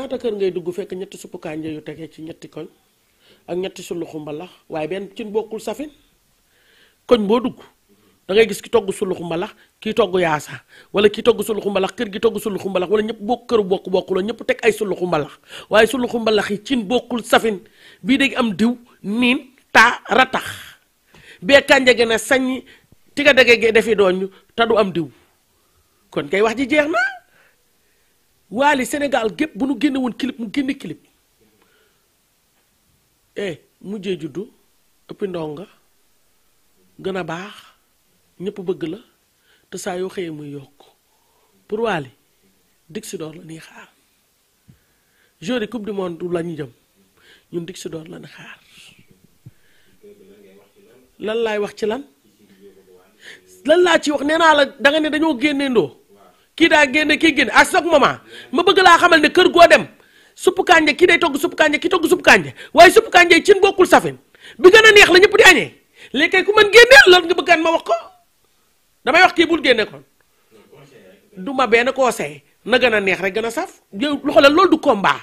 ñaata kër ngay dugg fekk ñetti suppu kànja yu tegee ci ñetti koñ ak ñetti suluxu mbalax waaye benn cin bokkul safin koñ boo dugg da ngay gis ki togg suluxu mbalax kii togg yaasa wala kii togg suluxu mbalax kër gi togg suluxu mbalax wala ñëpp bokk këru bokk bokkuloo ñëpp teg ay suluxu mbalax waaye suluxu mbalax yi cin bokkul safin bii dégg am diw niin taa ratax bee kànja gën a sañ ti nga dege defi dooñu te du am diw kon kay wax ji jeex na waali Sénégal gépp bu nu génne woon clip mu génne clip eh mujjee juddu ëppi ndonga gën a baax ñëpp bëgg la te saa yoo xëyee muy yokk pour waali Dixi d'or la ñuy xaar jour coupe du monde la ñu jëm ñun Dixi d'or la ñuy xaar lan laay wax ci lan lan laa ci wax nee naa la danga ne dañoo génneendoo kii daa génne kii génne à chaque moment ma bëgg laa xamal ne kër goo dem suppu kànja kii day togg suppu kànja kii togg suppu kànja waaye suppu kànja yi cin bokkul safin bi gën a neex la ñëpp di añee léegi kay ku mën génneel loolu nga bëggaan ma wax ko damay wax kii bul génne kon du ma benn conseil na gën a neex rek gën a saf yow lu xoolal loolu du combat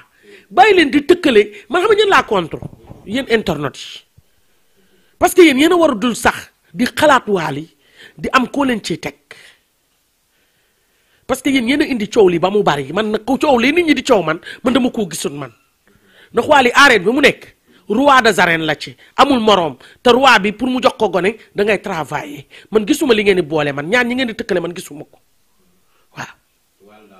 bàyyi leen di tëkkale man xam ñeen laa contre yéen internet yi parce que yéen yéen a war a dul sax di xalaat waali di am koo leen ciy teg parce que yéen yéen indi coow li ba mu bari man nag coow li nit ñi di coow man man dama koo gisul man ndax waali arène bi mu nekk roi des arènes la ci amul moroom te roi bi pour mu jox ko gone da ngay travailler man gisuma li ngeen di boole man ñaan ñi ngeen di tëkkale man gisuma ko waaw.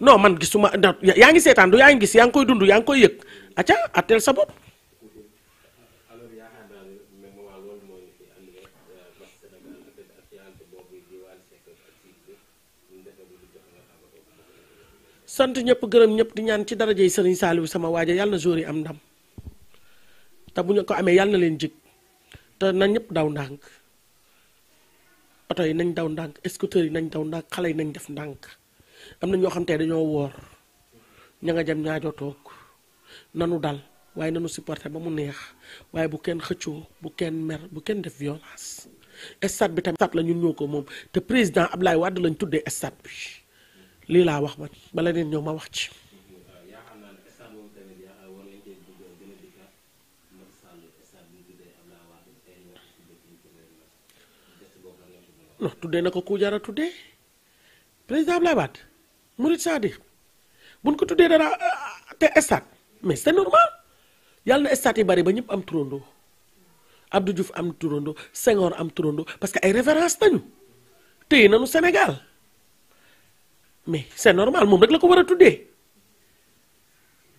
non man gisuma yaa ngi seetaan du yaa ngi gis yaa ngi koy dund yaa ngi koy yëg a atteel sa bopp. sant ñëpp gërëm ñëpp di ñaan ci yi sëriñ Saaliwu sama waaja yàlla na jour yi am ndam te bu ñu ko amee yàlla na leen jig te na ñëpp daw ndànk oto yi nañ daw ndànk scooter yi nañ daw ndànk xale yi nañ def ndànk am na ñoo xam te dañoo woor ña nga jëm ñaajoo toog nanu dal waaye nanu supporté ba mu neex waaye bu kenn xëccoo bu kenn mer bu kenn def violence stade bi tamit stade la ñun ñoo ko moom te président Ablaye Wade lañ tuddee stade bi lii laa wax man bala neen ñëw ma wax ci. non tuddee na ko ku jara tuddee président ko tuddee dara te stade mais c'est normal yàlla na stade yi bari ba ñëpp am turandoo. Abdou Diouf am turando Senghor am turando parce que ay référence nañu téye nañu Sénégal mais c'est normal moom rek la ko war a tuddee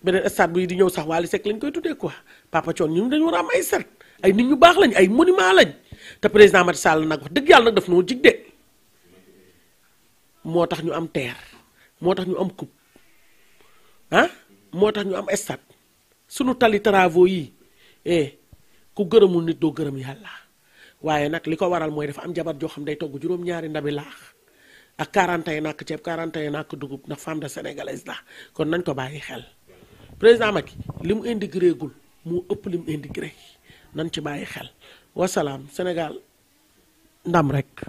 beneen stade yi di ñëw sax Wally Seck lañ koy tuddee quoi Papa Thione ñun dañu war a am ay set ay nit ñu baax lañ ay monument lañ te président Macky Sall nag wax dëgg yàlla nag daf noo jig de moo tax ñu am terre moo tax ñu am coupe ah moo tax ñu am stade sunu tali travaux yi eh, ku gërëmul nit doo gërëm yàlla waaye nag li ko waral mooy dafa am jabar joo xam day togg juróom-ñaari ndabi laax ak 41 nàkk ceeb yi nàkk dugub ndax femme de sénégalaise la kon nañ ko bàyyi xel président Macky li mu indigré gul moo ëpp li mu indigré nañ ci bàyyi xel wasalaam Sénégal ndam rek.